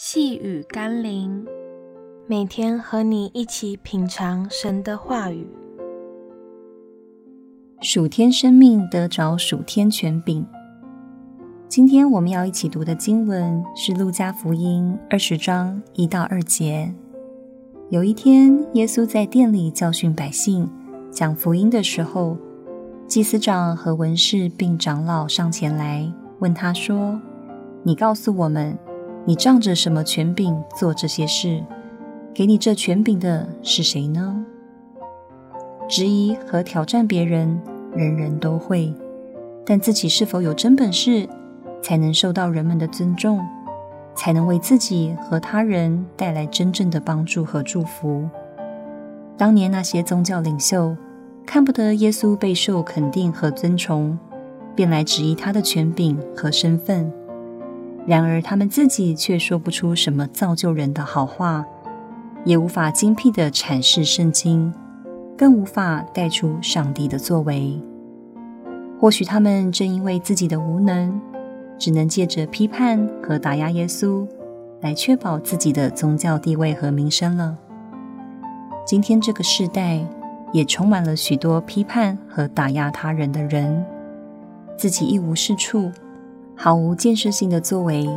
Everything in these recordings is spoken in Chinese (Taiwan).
細語甘霖，每天和你一起品嘗神的話語。屬天生命得着屬天權柄。今天我們要一起讀的經文是《路加福音》二十章一到二節。有一天，耶穌在殿裡教訓百姓，講福音的時候，祭司長和文士並長老上前來問他說：“你告訴我們。”你仗着什麼權柄做這些事？給你這權柄的是誰呢？質疑和挑戰別人，人人都會，但自己是否有真本事，才能受到人們的尊重，才能為自己和他人帶來真正的幫助和祝福。當年那些宗教領袖看不得耶穌備受肯定和尊崇，便來質疑他的權柄和身份。然而，他們自己卻說不出什麼造就人的好話，也無法精闢地闡釋聖經，更無法帶出上帝的作為。或許他們正因為自己的無能，只能借着批判和打壓耶穌，來確保自己的宗教地位和名聲了。今天這個時代世代，也充滿了許多批判和打壓他人的人，自己一無是處。毫無建設性的作為，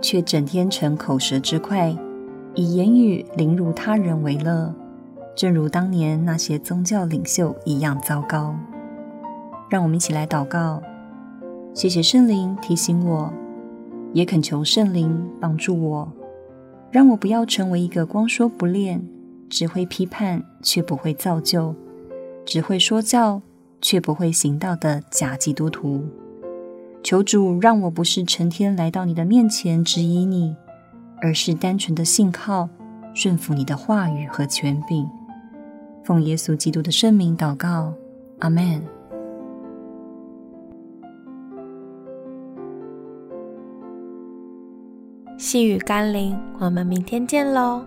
卻整天逞口舌之快，以言語凌辱他人為樂，正如當年那些宗教領袖一樣糟糕。讓我們一起來禱告，謝謝聖靈提醒我，也懇求聖靈幫助我，讓我不要成為一個光說不練，只會批判卻不會造就，只會說教卻不會行道的假基督徒。求主讓我不是成天來到你的面前質疑你，而是單純的信靠、順服你的話語和權柄。奉耶穌基督的聖名禱告，阿門。細語甘霖，我們明天見嘍。